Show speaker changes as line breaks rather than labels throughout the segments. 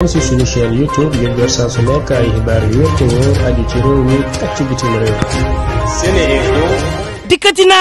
am si suñu chaîne YouTube ngir jot saa su nekk ay xibaar yu wér te wóor aju ci réew mi ak réew. dikkati na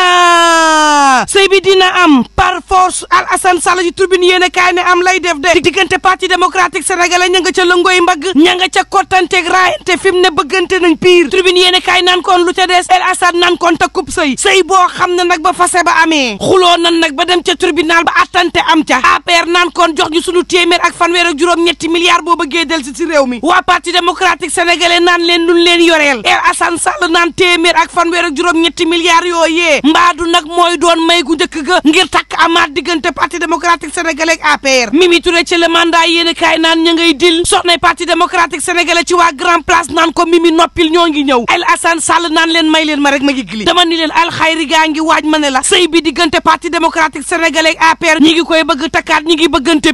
sëy bi dina am par force al Assane Sall ci tribune yéen a kaay ne lay def de diggante parti démocratique sénégalais ña nga ca lëngooy mbagg ña nga ca kottanteeg raayante fi mu ne bëggante nañ piir tribune yéen a kaay naan kon lu ca des El Assane naan kon takkub sëy sëy boo xam ne nag ba fase ba amee xuloo nan nag ba dem ca tribunal ba attante am ca APR naan kon jox ñu sunu téeméer ak fan ak juróom-ñetti milliards boo bëggee del si ci réew mi waa parti démocratique naan leen luñ leen yoreel El Assane Sall naan ak fanweer ak juróom-ñetti milliards yooyee mbaadu nag mooy doon may gu njëkk ga ngir takk amaat diggante parti démocratique sénégalais ak APR Mimi Touré ci le mandat yéen kaay naan ña ngay dil soxna parti démocratique sénégalais ci waa grand place naan ko Mimi noppil ñoo ngi ñëw El Assane Sall naan leen may leen ma rek ma yigli dama leen alxayri gaa ngi waaj ma ne la sëy bi diggante parti démocratique sénégalais ak APR ñi ngi koy bëgg takkaat ñi ngi bëggante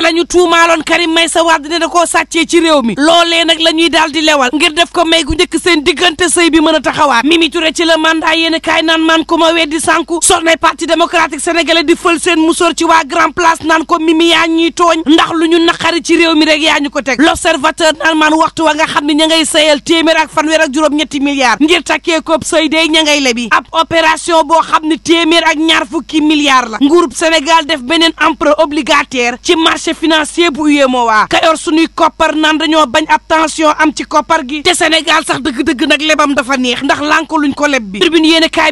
la ñu tuumaaloon Karim Meïssa Wade ne da koo sàccee ci mi loolee nag la ñuy daal di lewal ngir def ko may gu njëkk seen diggante sëy bi mën a taxawaat Mimi ci le mandat yéen a naan man ko ma weddi sànku soxna parti démocratique sénégalais di fël seen musóor ci waa grand place naan ko mimi yaa ñuy tooñ ndax lu ñu naqari ci réew mi rek yaa ñu ko teg l' observateur naan man waxtu wa nga xam ne ña ngay sayal téeméer ak fanweer ak juróom ñetti milliards ngir takkee ko sëy day ña ngay lebi ab opération boo xam ne téeméer ak ñaar fukki milliards la nguurub Sénégal def beneen emprunt obligataire ci marché financier bu UEMOA kayor suñuy koppar naan dañoo bañ ab tension am ci koppar gi te Sénégal sax dëgg-dëgg nag lebam dafa neex ndax lànk luñ ko leb bi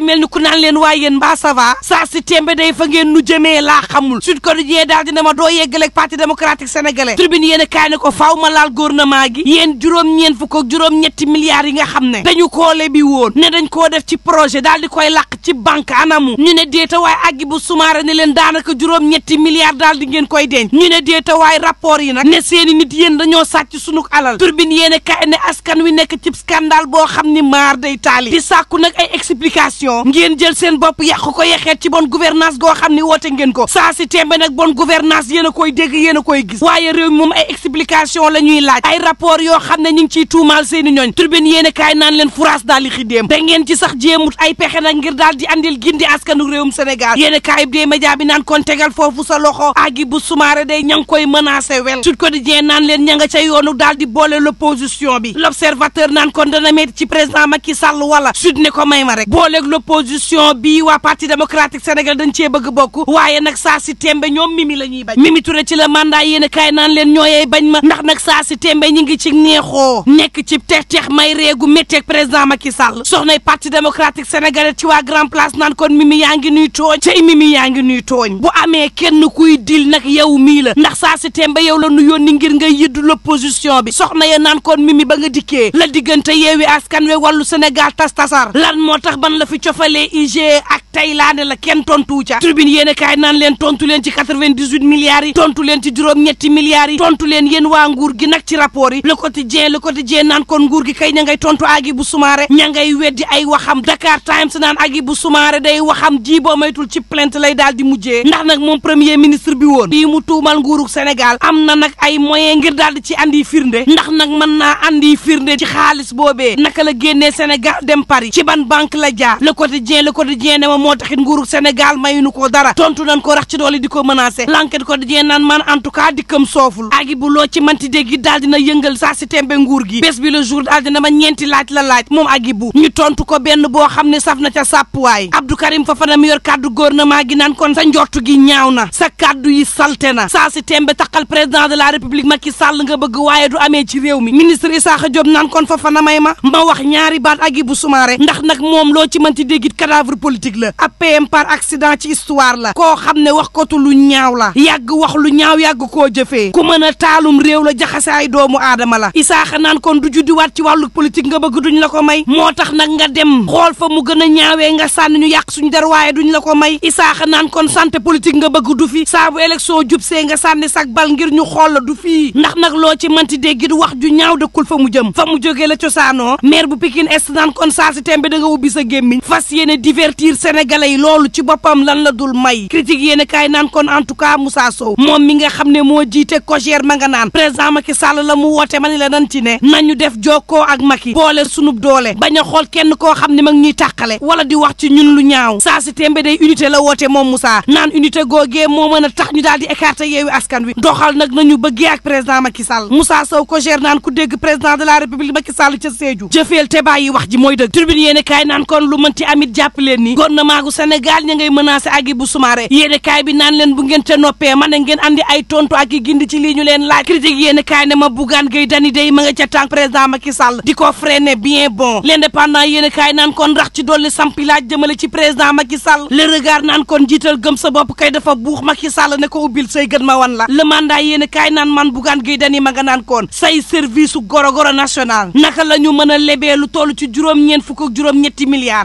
mel ni ku naan leen waaye yéen mbaa ça va saa si dey fa ngeen nu jëmee laa xamul Sud Quotidien daal dina ma doo yeggaleeg parti démocratique sénégalais tribune yéen a kaay ne ko faw ma laal gouvernement gi yéen juróom ñeen fukk juróom-ñetti milliards yi nga xam ne dañu koole bi woon ne dañ koo def ci projet daal di koy làq ci banque anamu ñu ne déeta waaye àggi bu sumaare ne leen daanaka juróom-ñetti milliards daal di ngeen koy denc ñu ne déeta waaye rapport yi nag ne seeni nit yéen dañoo sàcc sunuk alal turbine yéen a kaay ne wi nekk ci scandale boo xam ni maar day taali di sàkku nag ay explication élection ngeen jël seen bopp yàq ko yexeet ci bonne gouvernance goo xam ni woote ngeen ko saa si tembe nag bonne gouvernance yéen koy dégg yéen a koy gis waaye réew moom ay explication la ñuy laaj ay rapport yoo xam ne ñu ngi ciy tuumaal seeni ñooñ tribune yéen a kaay naan leen furaas daal li xidéem da ngeen ci sax jéemut ay pexe nag ngir daal di andil gindi askanu réewum Sénégal yéen a kaay bi dee média bi naan kon tegal foofu sa loxo agi bu sumaare day ña ngi koy menacé wel Sud Quotidien naan leen ña nga ca yoonu daal di boole l'opposition bi l'observateur naan kon dana metti ci président Macky Sall wala sud ne ko may ma rek booleeg opposition bi waa parti démocratique Sénégal dañ cee bëgg bokk waaye nag saa si tembe ñoom mimi la ñuy bañ mimi Touré ci la mandat yéen kaay naan leen ñooyey bañ ma ndax nag saa si tembe ñi ngi ci neexoo nekk ci tex tex may reegu métteeg président Macky Sall soxnay parti démocratique sénégalais ci waa grand place naan kon mimi yaa ngi nuy tooñ cay mimi yaa ngi nuy tooñ bu amee kenn kuy dil nag yow mii la ndax saa si tembe yow la nu yónni ngir nga yiddu l'opposition bi soxna ya naan kon mimi ba nga dikkee la diggante yeewi askan we wàllu Sénégal tas lan moo tax ban la fi cofalee IG ak tey laa ne la kenn tontuwu ca tribune yéen a kaay naan leen tontu leen ci 98 milliards yi tontu leen ci juróom-ñetti milliards yi tontu leen yéen waa nguur gi nag ci rapport yi le quotidien le quotidien naan kon nguur gi kay ña ngay tontu Hadjibou Soumaré ña ngay weddi ay waxam Dakar Times naan Hadjibou Soumaré day waxam ji boo maytul ci plainte lay daal di mujjee ndax nag moom premier ministre bi woon bii mu tuumal nguurug Sénégal am na nag ay moyen ngir daal di ci andi firnde ndax nag man naa andi firnde ci xaalis boobee naka la génnee Sénégal dem Paris ci ban banque la jaar le quotidien le quotidien ne moo taxit nguuru Sénégal mayuñu ko dara tontu nañ ko rax doole di ko menacé l'enquête ko dajee naan man en tout cas dikkam sooful agi bu loo ci manti dégg yi daal dina yëngal saa tembe nguur gi bés bi le jour daal dina ma ñeenti laaj la laaj moom agi bu tontu ko benn boo xam ne saf na ca sàppuwaay Abdou Karim Fofana mi yor kàddu gouvernement gi naan kon sa njortu gi ñaaw na sa kàddu yi salte na saa si tembe taqal président de la république Macky Sall nga bëgg waaye du amee ci réew mi ministre Issakha Diop naan kon Fofana may ma ma wax ñaari baat agi bu ndax nag moom loo ci manti déggit cadavre politique la ab PM par accident ci histoire la koo xam ne wax kotu lu ñaaw la yàgg wax lu ñaaw yàgg koo jëfe ku mën a taalum réew la jaxase ay doomu aadama la isaaxa naan kon du juddiwaat ci wàllu politique nga bëgg duñ la ko may moo tax nag nga dem xool fa mu gën a ñaawee nga sànni ñu yàq suñu der waaye duñ la ko may isaaxa naan kon santé politique nga bëgg du fi saabu bu élection jub see nga sànni sag bal ngir ñu xool la du fii ndax nag loo ci manti dégg wax ju ñaaw dëkkul fa mu jëm fa mu jógee la cosaanoo maire bu Pikine Est naan kon saa si tembe da nga ubbi sa gémmiñ fas yéene divertir Sénégal sénégalais yi loolu ci boppam lan la dul may critique yéen kaay naan kon en tout cas Moussa Sow moom mi nga xam ne moo jiite COJER ma nga naan président Macky Sall la mu woote ma ni la nan ci ne nañu def jokkoo ak Macky boole sunub doole bañ a xool kenn koo xam ne mag ñuy tàqale wala di wax ci ñun lu ñaaw saa si tembe unité la woote moom Moussa naan unité googee moo mën a tax ñu daal di écarter yeewi askan wi doxal nag nañu bëggee ak président Macky Sall Moussa Sow COJER naan ku dégg président de la république Macky Sall ca Sédhiou jëfeel te wax ji mooy dëgg tribune yéen kaay naan kon lu mënti amit jàpp leen gouvernement gu Sénégal ña ngay menacé Hadjibou Soumaré yéene kaay bi naan leen bu ngeen ca noppee mën na ngeen andi ay tontu ak i gindi ci lii ñu leen laaj critique yéene kaay ne ma Bougane Gueye Dany day ma nga ca tànk président Macky Sall di ko ne bien bon l'indépendant yéene kaay naan kon ndax ci dolli sampi laaj jëmale ci président Macky Sall le regard naan kon jiital gëm sa bopp kay dafa buux Macky Sall ne ko ubbil say gën ma wan la le mandat yéene kaay naan man Bougane Gueye Dany ma nga naan kon say service su gorogoro national naka la ñu mën a lebee lu toll ci juróom-ñeent fukk ak juróom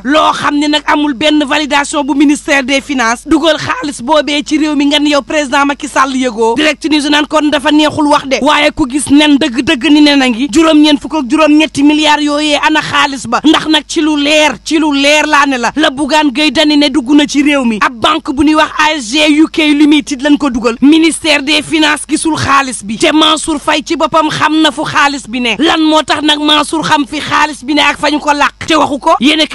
loo xam ne nag amul benn validation bu ministère des finances dugal xaalis boobee ci réew mi nga ni yow président Macky Sall yëgoo direct news naan kon dafa neexul wax de waaye ku gis nen dëgg-dëgg ni ne a ngi juróom ñen fukk juróom-ñetti milliards yooyee ana xaalis ba ndax nag ci lu leer ci lu leer laa ne la la bugaan gay dani ne dugg na ci réew mi ab banque bu ñuy wax ASG UK Limited lan ko dugal ministère des finances gisul xaalis bi te Mansour fay ci boppam xam na fu xaalis bi ne lan moo tax nag Mansour xam fi xaalis bi ne ak fañu ko làq te waxu ko yéene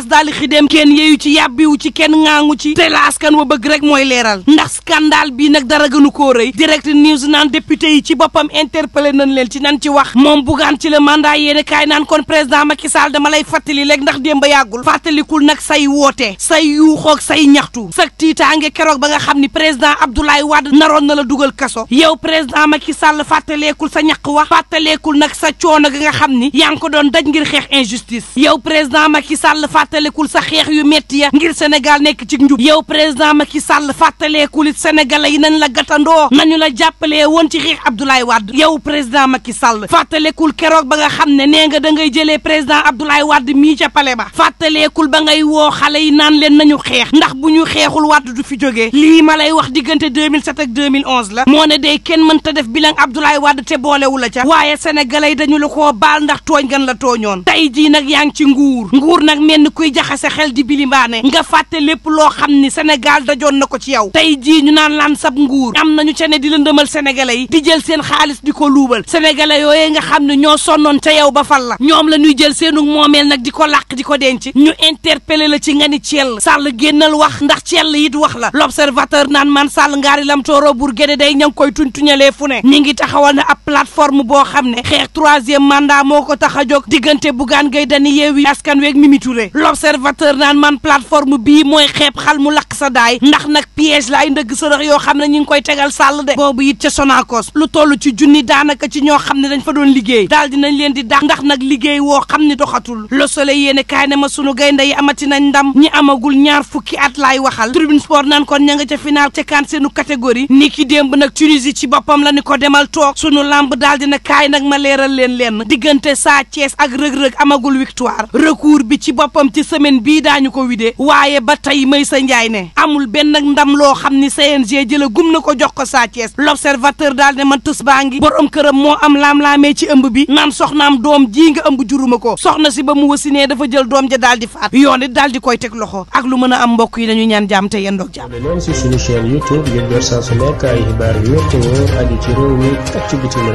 tas daali xidéem kenn yeeyu ci yàbbiwu ci kenn ŋaangu ci te la askan wa bëgg rek mooy leeral ndax scandale bii nag dara gënu koo rëy direct news naan yi ci boppam interpellé nañ leen ci nan ci wax moom bugaan ci la mandat yéene kaay naan kon président Macky Sall dama lay fàttali léegi ndax démb yàggul fàttalikul nag say woote say yuuxoog say ñaxtu sa tiitaange keroog ba nga xam ni président Abdoulaye Wade naroon na la dugal kaso yow président Macky Sall fàttaleekul sa ñaq wax nag sa coono gi nga xam ni yaa ngi ko doon daj ngir xeex injustice yow président Macky Sall fàttalekul sa xeex yu metti ya ngir Sénégal nekk ci njub yow président Macky Sall fàttalekul it sénégalais yi nañ la gàttandoo nañu la jàppalee woon ci xeex Abdoulaye wàdd yow président Macky Sall fàttaleekul keroog ba nga xam ne nee nga da ngay jëlee président Abdoulaye wàdd mii ca pale ba fàttaleekul ba ngay woo xale yi naan leen nañu xeex ndax bu ñu xeexul Wade du fi jógee lii ma lay wax diggante 2007 ak 2011 la moo ne day kenn mënta def bilan Abdoulaye Wade te boolewu la ca waaye sénégalais dañu la koo baal tooñ gan la tooñoon tey jii nag yaa ngi ci nguur nguur nag mel kuy jaxase xel di bilimbaane nga fàtte lépp loo xam ni Sénégal dajoon na ko ci yow tey jii ñu naan laan sab nguur am nañu ca ne di lëndëmal sénégalais yi di jël seen xaalis di ko luubal sénégalais yooyee nga xam ne ñoo sonoon ca yow ba fal la ñoom la ñuy jël seenu moomeel nag di ko làq di ko denc ñu interpellé la ci nga ni Thiel Sall génnal wax ndax Thiel it wax la l'observateur naan man Sall ngaari lam tooro bur géde day ña ngi koy tuñtuñalee fu ne ñi ngi taxawal na ab plateforme boo xam ne xeex troisième mandat moo ko tax a jóg diggante Bougane Gueye Dany Yewwi Askan Wi ak l'observateur naan man plateforme bii mooy xeeb xal mu lakk sa daay ndax nag piège la ay ndëgg sërëx yoo xam ne ñu ngi koy tegal sàll de boobu it ca Sonacos lu toll ci junni daanaka ci ñoo xam ne dañ fa doon liggéey daal dinañ leen di dax ndax nag liggéey woo xam ne doxatul Le Soleil yéene kaay ne ma sunu gaynde yi amati nañ ndam ñi amagul ñaar fukki at laay waxal tribune sport naan kon ña nga ca final ca kaan seenu catégorie ni ki démb nag Tunisie ci boppam la ni ko demal toog sunu lamb daal dina kaay nag ma leeral leen lenn diggante Sa Thiès ak rëg amagul victoire ci semaine bii daañu ko widee waaye ba tey Maysa Ndiaye ne amul benn ndam loo xam ni CNG jëla gum na ko jox ko Sa Thiès l'observateur daal ne man tus baa ngi borom këram moo am laam-laamee ci ëmb bi naan soxnaam doom jii nga ëmb juruma ko soxna si ba mu nee dafa jël doom ja daal di faat yoon it daal di koy teg loxo ak lu mën a am mbokk yi dañu ñaan jàmm te yéen doog jàmm. noonu si suñu chaîne YouTube ngir jot saa su nekk ay xibaar ci réew mi ak ci bitim